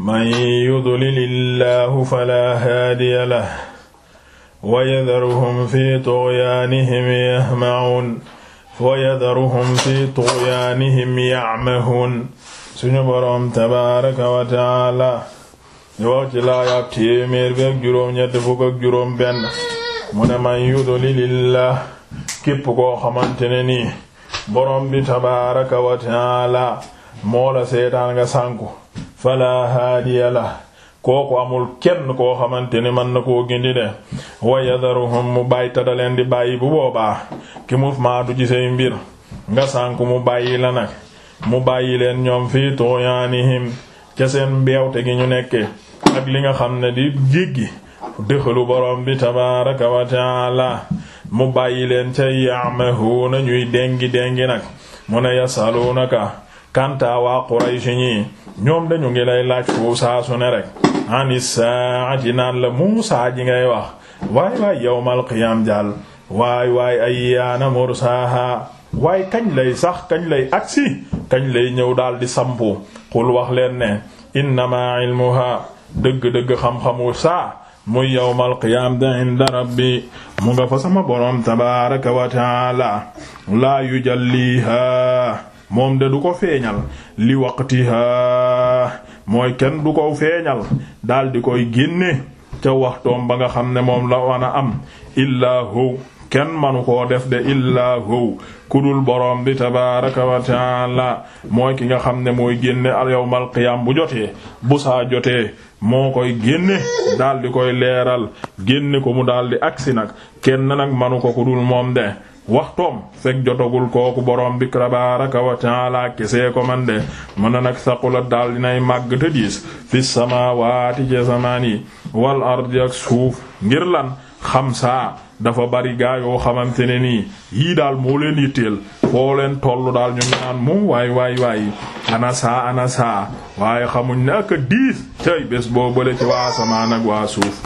man yudlil illahu fala haadiya lah wa yadharuhum fi tughyaanihim yahma'un wa yadharuhum fi tughyaanihim ya'mahuun suñu boroom tabaaraka wa ta'aala di wax ci laayaab téeméer bi ak juróom man yudlil illah képp koo xamante ne bi tabaaraka wa ta'aala moo la seetaan nga fala haadiya kooku amul kenn koo xamante ne mën na koo gindi de wa yadaruhum mu bàyyi ta leen di bàyyi bu boobaa ki mu maatu ci say mbir nga sànku mu bàyyi la nag mu bàyyi leen ñoom fii tuyaanihim ca seen mbeewte gi ñu nekke ak li nga xam ne di jéggi dëxalu borom bi tabaaraka mu bàyyi leen ca yaamahuuna ñuy dengi dengi nag mu ne yasaluunaka kanta waa Quraysh ñoom dañu ngi lay laaj fu saa su ne rek ani saati naan la Muusaa ji ngay wax waay waay yawmal qiyaam jàll waay waay ayyaana mursaaha waay kañ lay sax kañ lay agsi kañ lay ñëw daal di sampu xul wax leen ne innama ilmuha dëgg-dëgg xam-xamu saa muy yawmal qiyaam da inda rabbi mu nga fa sama borom tabaaraka wa taala laa yujalliha moom de du ko feeñal li waqtiha mooy kenn du ko feeñal daal di koy génne ca waxtoom ba nga xam ne moom la wan a am illaa hu kenn manu ko def de illaa hu kudul borom bi tabaraka wa taala mooy ki nga xam ne mooy génne al yawmal qiyam bu jotee bu saa jotee moo koy génne daldi koy leeral génne ko mu daldi di nag kenn nag manu ko kudul moom de waxtoom fekk jotagul kooku borom bi tabaaraka wa taala kesee ko man de mën na nag saqulat daal dinay màgg te diis fi samaawaati ci samaan wal ardi ak suuf ngir lan xam saa dafa bari gaa yoo xamante ne nii yii daal moo leen yitteel foo leen tollu daal ñu naan mu waay waay waay ana saa ana saa waaye xamuñ ne ak diis tey bés boo bële ci waa samaan ak waa suuf.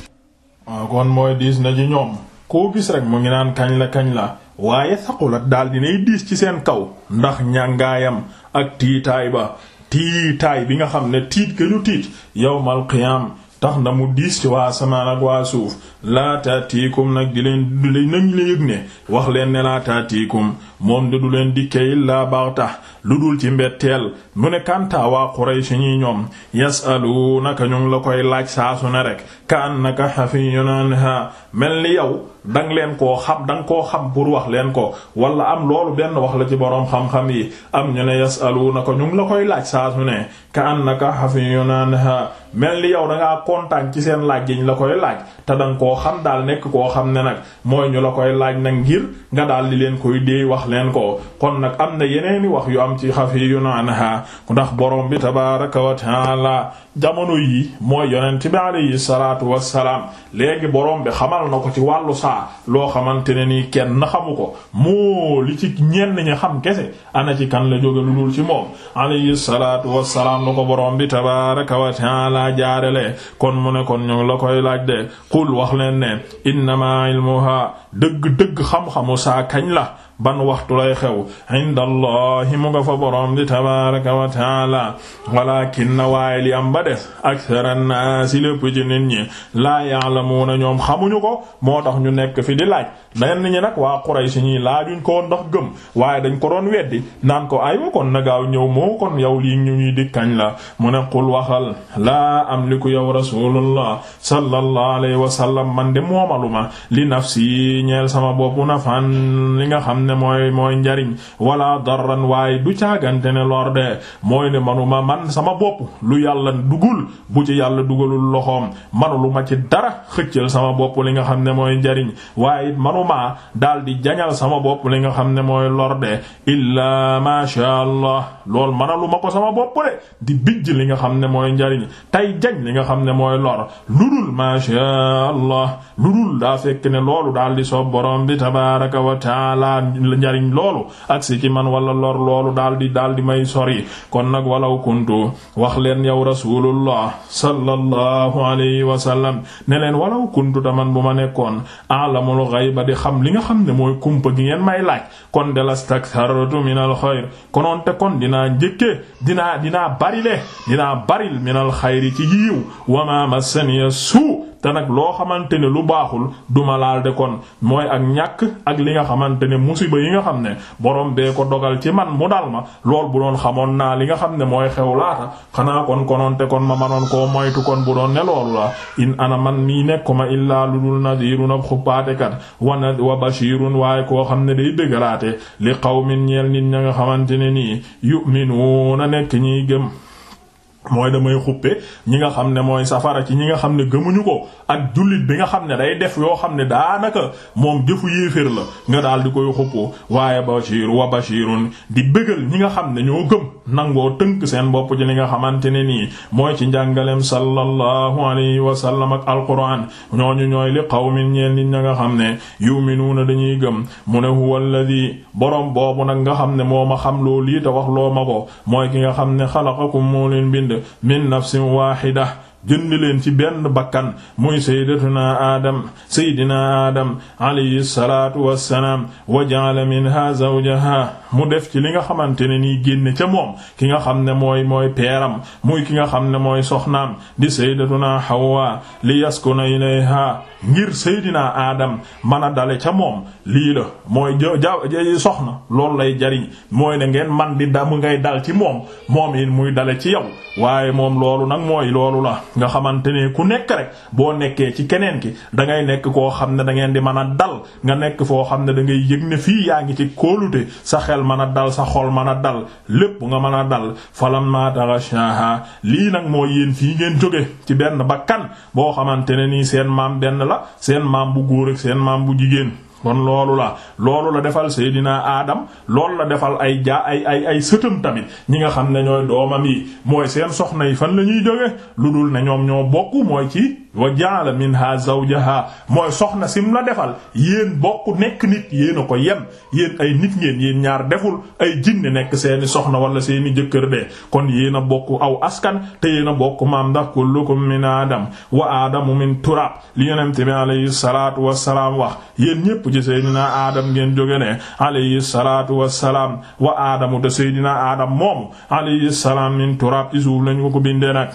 kon mooy diis na ci ñoom koo gis rek mu ngi naan kañ la kañ la. waaye saqulat daldi dinay diis ci seen kaw ndax ñàngaayam ak tiitaay ba tiitaay bi nga xam ne tiit ga ñu tiit yawmal qiyaam tax na mu diis ci waa asamaan ak waa suuf laataatiikum nag di leen du leen nañ la yëg ne wax leen ne laataatiikum moom de du leen dikkee baax tax lu dul ci mbetteel mu ne kanta waa Quraysh ñi ñoom yasaluunaka ñu ngi la koy laaj saasu ne rek ka annaka hafiyun anha mel ni yow dang leen koo xam dang koo xam pour wax leen ko wala am loolu benn wax la ci boroom xam yi am ñu ne yasaluunaka ñu la koy laaj saasu ne ka annaka hafiyun anha mel ni yow dangaa kontaan ci seen laaj yiñ la koy laaj te danga koo xam daal nekk koo xam ne nag mooy ñu la koy laaj nag ngir nga daal di leen koy déey wax leen ko kon nag am na yeneeni wax yu am ci xafi yu naan ha ndax boroom bi tabaaraka wa taala jamono yii mooy yonent bi alayhi salaatu wassalaam léegi borom bi xamal na ko ci wàllu saa loo xamante ne nii kenn xamu ko moo li ci ñenn ñi xam kese ana ci kan la jóge lu dul ci moom alayhi salaatu wassalaam la ko borom bi tabaaraka wa ta'aala jaarale kon mu ne kon ñu ngi la koy laaj de qul wax leen ne innamaa ilmuha dëgg dëgg xam-xamu saa kañ la ban waxtu lay xew inda allahi mu nga fa borom di tabaraka wa taala walakin na waaye li am ba des akthara naasi la ci nit ñi laa ya'lamuuna ñoom xamuñu ko moo tax ñu nekk fi di laaj lenn ñi nag waa Quraysh ñi laajuñ ko woon ndax gëm waaye dañ ko doon weddi nan ko ay wa kon na gaaw ñëw moo kon yow lii ñu ñuy dikkañ la mu ne qul waxal laa amliku yow rasulullah sallallahu alayhi wa sallam man de moomaluma li nafsi ñeel sama bopp nafan li nga xam ne mooy mooy njariñ wala darran waaye du caagante ne lor de mooy ne manuma man sama bopp lu yàlla dugul bu ci yàlla dugalul loxoom manu lu ma ci dara xëccal sama bopp li nga xam ne mooy njariñ waaye it manuma daal di jañal sama bopp li nga xam ne mooy lor de illaa ma sha allah lool manalu ma ko sama bopp de di bijj li nga xam ne mooy njariñ tey jañ li nga xam ne mooy lor lu dul ma sha allah lu dul daa fekk ne loolu daal di soob tabaaraka wa njariñ loolu ak si ci man wala lor loolu daal di daal di may sori kon nag walaw kuntu wax leen yow rasulullah sallallahu alayhi wa sallam ne leen walaw kuntu taman bu ma nekkoon alamul ghayba di xam li nga xam ne mooy kumpa gi ngeen may laaj kon de lastakthartu min al xayr konoon te kon dinaa njëkkee dinaa dinaa barile dinaa baril min al xayri ci yiiw wa ma massani suu te nag loo xamante ne lu baaxul duma laal de kon mooy ak ñàkk ak li nga xamante ne musiba yi nga xam ne borom bee ko dogal ci man mu dal ma lool bu doon xamoon naa li nga xam ne mooy xew laata xanaa kon konoonte kon ma manoon koo moytu kon bu doon ne loolu la in ana man mii nekkuma illaa lu dul nadirun ab xuppaatekat wana wa bashirun waaye koo xam ne day bëggalaate li qawmin ñeel nit ña nga xamante ne nii yu'minuuna nekk ñiy gëm mooy damay xuppe ñi nga xam ne mooy safara ci ñi nga xam ne gëmuñu ko ak jullit bi nga xam ne day def yoo xam ne daanaka moom jëfu yéeféer la nga daal di koy xuppoo waaye bashir wa bashirun di bégal ñi nga xam ne ñoo gëm nangoo tënk seen bopp ci li nga xamante ne nii mooy ci njàngaleem sallallahu alayhi wa sallam ak alquran ñooñu ñooy li qawmin ñeen nit ña nga xam ne yu'minuuna dañuy gëm mu ne huwa alladhi borom boobu nag nga xam ne moo ma xam loo lii te loo ma min nafsin waaxida jënd leen ci benn bakkan muy sayyidatuna adam sayyidina adam alayhi salaatu wassalaam wa ja'ala minha zawjaha mu def ci li nga xamante ne nii génne ca moom ki nga xam ne mooy mooy peeram muy ki nga xam ne mooy soxnaam di sayyidatuna Hawa li yaskuna ilayha ngir sayyidina adam man a dale ca moom lii la mooy ja soxna loolu lay jariñ mooy man di da ngay dal ci moom muy dale ci yow waaye moom loolu nag mooy loolu la nga xamante ne ku nekk rek boo nekkee ci keneen ki da ngay nekk koo xam ne da ngeen di mën a dal nga nekk foo xam ne dangay ngay yëg ne fii yaa ngi ci kóolute sa xel mën a dal sa xol mën a dal lépp nga mën a dal falam ma taghashaha lii nag moo yéen fii ngeen jóge ci benn bakkan boo xamante ne nii seen maam benn la seen maam bu góor ak seen maam bu jigéen kon loolu la loolu la defal Seydina Adam loolu la defal ay ja ay ay ay sëtam tamit ñi nga xam ne ñooy doomam yi mooy seen soxna yi fan la ñuy jóge lu dul ne ñoom ñoo bokk mooy ci wa ja'ala minha zawjaha mooy soxna sim la defal yéen bokk nekk nit yéen ko yem yéen ay nit ngeen yéen ñaar deful ay jinne nekk seeni soxna wala seeni jëkkër de kon yéen a bokk aw askan te yéen a bokk maam ndax kullukum min aadam wa aadamu min turab li yonent bi alayhi salaatu wassalaam wax yéen ñépp ci seydina aadam ngeen jóge ne alayhi salaatu wa aadamu te seydina aadam moomu alayhi salaam min turab ci suuf lañu ko bindee nag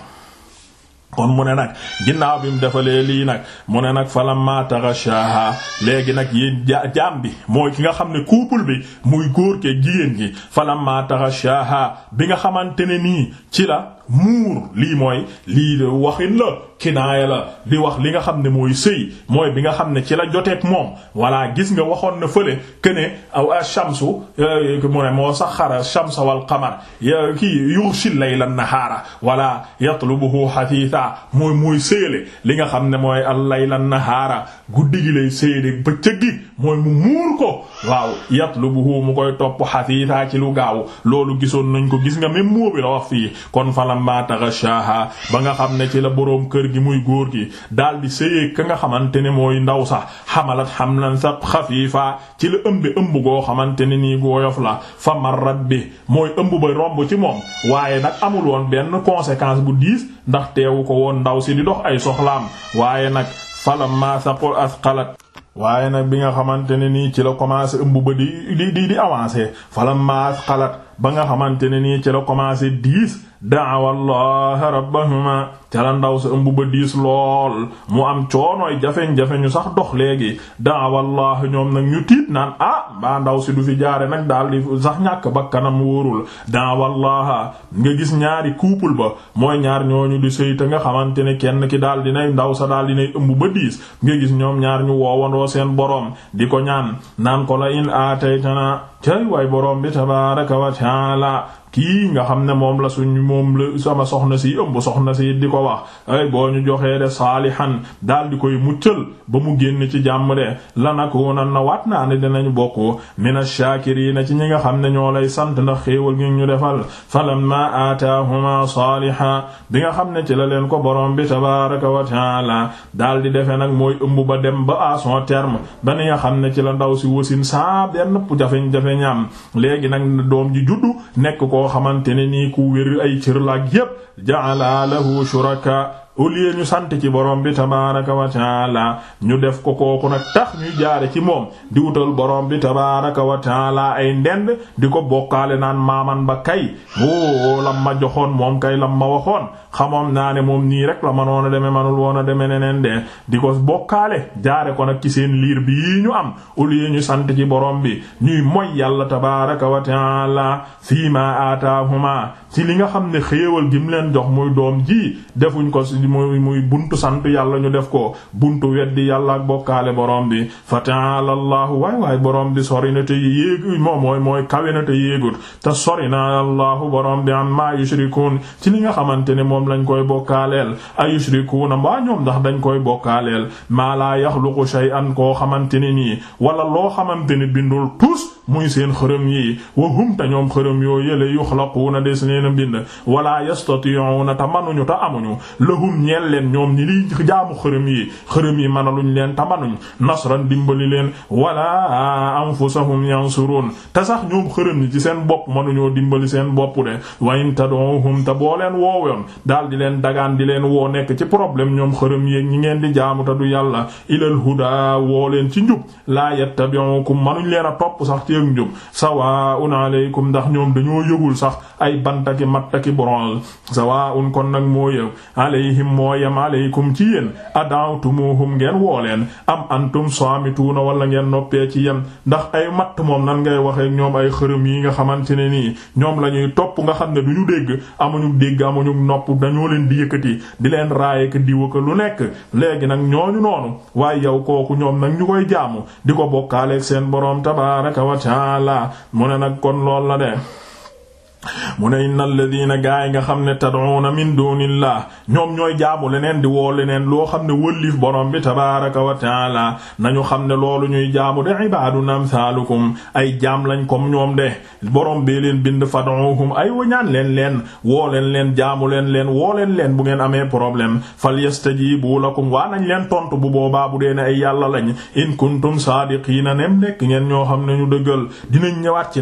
kon mu ne nag ginnaaw bi mu defalee lii nag mu ne nag falamma taghashaha léegi nag yéen jaam bi mooy ki nga xam ne couple bi muy góor ke jigéen gi falamma taghashaha bi nga xamante ne nii ci la muur lii mooy lii de waxin la kinaaya la di wax li nga xam ne mooy sëy mooy bi nga xam ne ci la joteeg moom voilà gis nga waxoon na fële que ne aw ash-shamsu euh, mu ne moo saxxara ash-shamsa wal qamar ya kii yughshi layla an-nahaara voilà yatlubuhu hasiisa mooy mooy séyale li nga xam ne mooy al layla an-nahaara guddi gi lay séyale bëccëg gi mooy mu muur ko waaw yatlubuhu mu koy topp xasiisaa ci lu gaaw loolu gisoon nañ ko gis nga même moo bi la wax fii kon falamma taghashaha ba nga xam ne ci la boroom kër gi muy góor gi daal di sëyeeg ka nga xamante ne mooy ndaw sax xamalat hamlan sa xafiifa ci la ëmbi ëmb goo xamante ne nii gooyof la fa marrat bi mooy ëmb ba robb ci moom waaye nag amul woon benn conséquence bu diis ndax teewu ko woon ndaw si di dox ay soxlaam waaye nag falamma saqo asqalat waaye nag bi nga xamante ne nii ci la commencé ëmb ba di di di di avancé falam ma xalaat ba nga xamante ne nii ci la commencé diis daawa allah rabbahuma ca la ndaw sa ëmb ba diis lool mu am coonooy jafeñ-jafe ñu sax dox léegi daawa allah ñoom nag ñu tiit naan ah mbaa ndaw si du fi jaare nag daal di sax ñàkk bakkanam wóorul daawa allah nga gis ñaari couple ba mooy ñaar ñooñu di sëy nga xamante ne kenn ki daal dinay ndaw sa daal dinay ëmbu ba diis nga gis ñoom ñaar ñu woowandoo seen boroom di ko ñaan naan ko la in aataytana cay way boroom bi tabaaraka wa taala kii nga xam ne moom la suñ moom la sama soxna si ëmb soxna si di ko wax ay boo ñu joxee de saalihan daal di koy muccal ba mu génn ci jàmm de lanakunan na na waat naa ne dinañ bokk mina shaakiriina ci ñi nga xam ne ñoo lay sant ndax xéewal gi ñu defal falamma aataahuma saalihan bi nga xam ne ci la leen ko borom bi tabaaraka wa taala daal di defe nag mooy ëmb ba dem ba à son terme ba ni nga xam ne ci la ndaw si wasin saa benn jafeñ jafe léegi nag koo xamante ne nii ku wér ay cër la ak yépp ja'ala lahu shuraka au lieu ñu sant ci borom bi tabaaraka wa taala ñu def ko kooku nag tax ñuy jaare ci moom di wutal borom bi tabaaraka wa taala ay ndend di ko bokkaale naan maaman ba kay woo lam ma joxoon moom kay lam ma waxoon xamoon naa ne moom nii rek la manoon a deme manul woon a deme neneen de di ko bokkaale jaare ko nag ci seen liir bi ñu am au lieu ñu sant ci borom bi ñuy moy yàlla tabaaraka wa taala fii ma aataahuma ci li nga xam ne xéewal gi mu leen jox muy doom ji defuñ ko muy muy buntu sant yàlla ñu def ko buntu weddi yàlla ak bokkaale boroom bi fa ta'ala allahu waay waay boroom bi sori na te yéegu moom mooy mooy kawe na te yéegut te sori na allahu boroom bi amma yushrikun ci li nga xamante ne moom lañ koy bokkaaleel ay yushrikuna mbaa ñoom ndax dañ koy bokkaaleel maa laa yaxluqu shay'an koo xamante ne nii wala loo xamante ne bindul tus muy seen xërëm yi wa hum ta seenu mbind wala yastati'una te manuñu te amuñu lahum ñeel leen ñoom ñi liy jaamu xërëm yi xërëm yi mënaluñ leen te manuñ nasran dimbali leen wala anfusahum yansurun te sax ñoom xërëm yi ci seen bopp mënuñoo dimbali seen bopp de wa in tad'uhum te boo leen woowoon daal di leen dagaan di leen woo nekk ci problème ñoom xërëm yéeg ñi ngeen di jaamu te du yàlla ilal huda woo leen ci njub laa yattabi'ukum manuñ leen a topp sax ci ak njub sawaa'un alaykum ndax ñoom dañoo jantaki mattaki bronze sawaa'un kon nag moo yëw alayhim moo yem alaykum ci yéen adawtumuhum ngeen woo leen am antum saamituuna wala ngeen noppee ci yem ndax ay matt moom nan ngay waxee ñoom ay xërëm yi nga xamante ne nii ñoom lañuy topp nga xam ne duñu ñu dégg amuñu dégg amuñu nopp dañoo leen di yëkkati di leen raaye ka diwa ko lu nekk léegi nag ñooñu noonu waaye yow kooku ñoom nag ñu koy jaamu di ko bokkaaleeg seen boroom tabaaraka wa taala mu ne nag mu ne inna alladina gaa yi nga xam ne tad'una min dunillah ñoom ñooy jaamu leneen di woo leneen loo xam ne wëllif borom bi tabaraka wa taala nañu xam ne loolu ñuy jaamu de ibadun amsalukum ay jaam lañ comme ñoom de borom bee leen bind fad'uhum ay wa ñaan leen leen woo leen leen jaamu leen leen woo leen leen bu ngeen amee problème falyastajibu lakum waa nañ leen tontu bu boobaa bu dee ne ay yàlla lañ in kuntum saadiqina nem nekk ngeen ñoo xam ne ñu dëggal dinañ ñëwaat ci